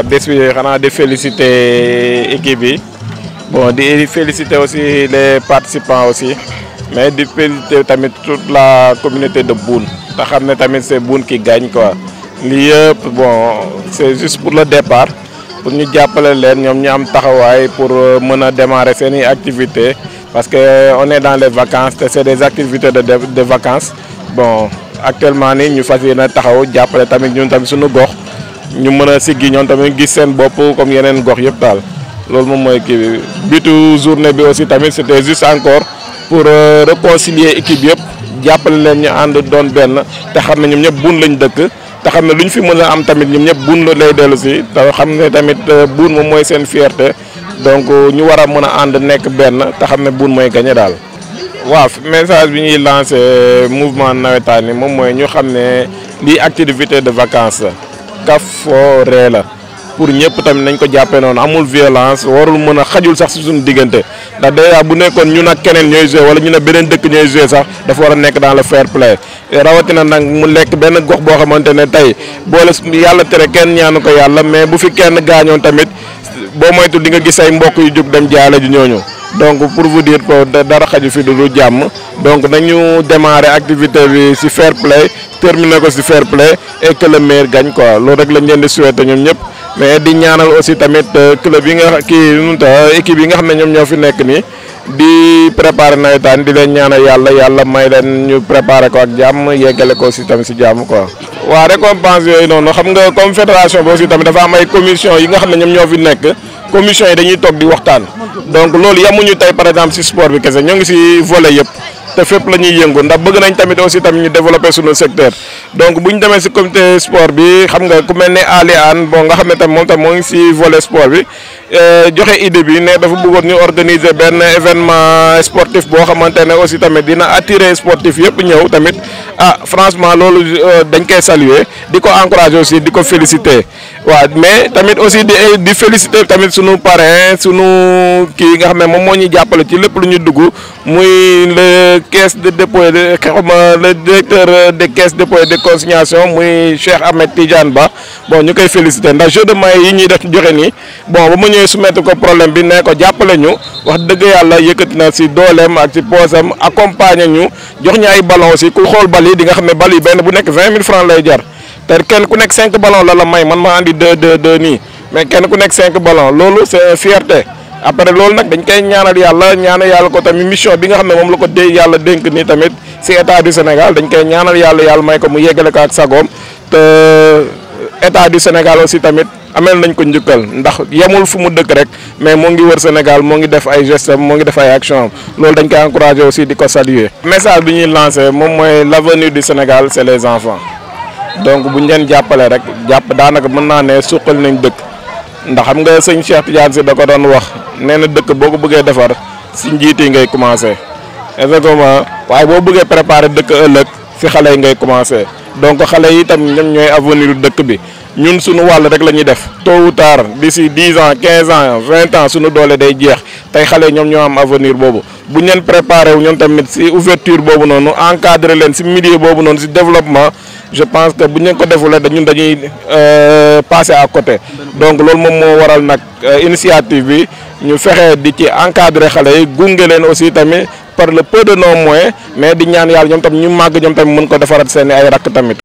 Je voudrais féliciter l'équipe bon féliciter aussi les participants aussi mais de féliciter toute la communauté de Boun. c'est Boune qui gagne quoi bon c'est juste pour le départ pour nous nous les ñoom pour euh, démarrer une activités parce que euh, est dans les vacances c'est des activités de vacances bon actuellement nous faisons des yéene taxaw Nous tamit ñun tamit nos ñu mëna a siggi ñoom tamit gis sen bop comme yenen gox yépp dal lool mom moy ki bitu journée bi aussi tamit c'était juste encore pour euh, réconcilier équipe yépp jappal leen ñu and doon ben té xamna ñom ñepp ñëpp buun lañ dëkk té xamna luñ fi mëna am tamit ñom ñepp buun lay délu ci té xamna tamit euh, buun mom moy sen fierté donc euh, ñu wara mëna and nek ben té xamna te xam buun mooy gagné dal waaw message bi ñuy lancer mouvement nawetani mom moy ñu xamné li activité de vacances ree la pour ñëpp tamit nañ ko jàppee noonu amul violence warul mën a xajul sax si suñu diggante ndax déjà bu nekkoon ñu nag keneen ñooy joué wala ñu ne beneen dëkk ñooy joué sax dafa war a nekk dans le fair play rawatina nag mu lekk benn gox boo xamante ne tey boole yàlla tere kenn ñaanu ko yàlla mais bu fi kenn gaañoon tamit boo moytu di nga gis ay mbokk yu jóg dem jaale ji ñooñu. donc pour vous ko que dara xaju fi du jàmm donc nañu demare activité bi ci fair play terminer ko ci fair play et que le meilleur gagne loolu rek lañ leen di souhaiter ñoom ñëpp mais di ñaanal aussi tamit euh, club yi nga kii nu ta euh, nga xam ne ñoom ñoo fi nekk nii di préparer nawetaan di leen ñaanal yàlla yàlla may leen ñu préparer ko ak jàmm yeggale ko aussi tamit ci jàmm quoi. waa récompense yooyu noonu xam nga comme fédération bi aussi tamit dafa am commission yi nga xam ne ñoom ñoo fi nekk. commission yi dañuy toog di waxtaan donc loolu yamuñu tey par exemple si sport bi kese ñoo ngi si vole yëpp te fépp la ñuy yëngu ndax bëgg nañ tamit aussi tamit ñu développer suñu secteur donc bu ñu demee si comité sport bi xam nga ku mel ne Ali Anne bon nga xam ne tamit moom tam moo ngi si vole sport bi Euh, joxe idée bi ne dafa bëggoon ñu organiser benn événement sportif boo xamante ne aussi tamit dina attirer sportif yëpp ñëw tamit ah franchement loolu euh, dañ koy saluer di ko encourager aussi di ko féliciter waa mais tamit aussi di euh, di féliciter tamit sunu parrain sunu kii nga xam ne moom moo ñuy jàppale ci lépp lu ñu dugg muy le caisse de dépôt xawma le directeur de caisses de dépôt et de consignation muy Cheikh Ahmed Tidiane Ba bon ñu koy féliciter ndax jeu de maillots yi ñuy def joxe ñuy soumettre ko problème bi ne ko jappalé ñu wax dëgg yalla yëkkati na ci dolem ak ci posam accompagner ñu jox ñay ballon aussi ku xol bal yi di nga xamné ne bal yi benn bu nek 20000 francs lay jar te kenn ku nek 5 ballon la la may man ma andi 2 2 2 ni mais kenn ku nek 5 ballon lolu c'est fierté après lolu nak dañ koy ñaanal yalla ñaanal yalla ko tamit mission bi nga xamné mom la ko dé yalla dénk ni tamit ci état du Sénégal dañ koy ñaanal yalla yalla may ko mu yéggalé ko ak sagom té état du Sénégal aussi tamit amel nañ ko ñukkal ndax yamul fu mu dëkk rek mais mo ngi wër Sénégal mo ngi def ay gestes mo ngi def ay actions loolu dañ koy encourager aussi di ko saluer. message bi ñuy lancer moom mooy l'avenir du Sénégal c'est les enfants donc bu ñu leen jàppale rek jàpp daanaka mën naa ne suqal nañ dëkk ndax xam nga sëñ Cheikh Tidiane si da ko doon wax nee na dëkk boo ko bëggee defar si njiit ngay commencé exactement waaye boo bëggee préparer dëkk ëllëg si xale yi ngay commencé donc xale yi tam ñoom ñooy avenir dëkk bi. ñun suñu wall rek lañuy def tôt ou tard d'ici 10 ans 15 ans 20 ans suñu doole day jeex tay xalé ñom ñoo am avenir bobu bu ñen leen préparé wu ñoom tamit ci ouverture bobu nonu encadrer len ci milieu bobu nonu ci développement je pense que bu ñu ko ko defulee ñun dañuy euh passer à côté donc lool mom mo waral nak euh, initiative bi ñu fexé di ci encadrer xalé yi gunge leen aussi tamit par le peu de nos moins mais di ñaan yalla ñom tam ñu mag ñoom tamit mën ko defaraat seen ay rak tamit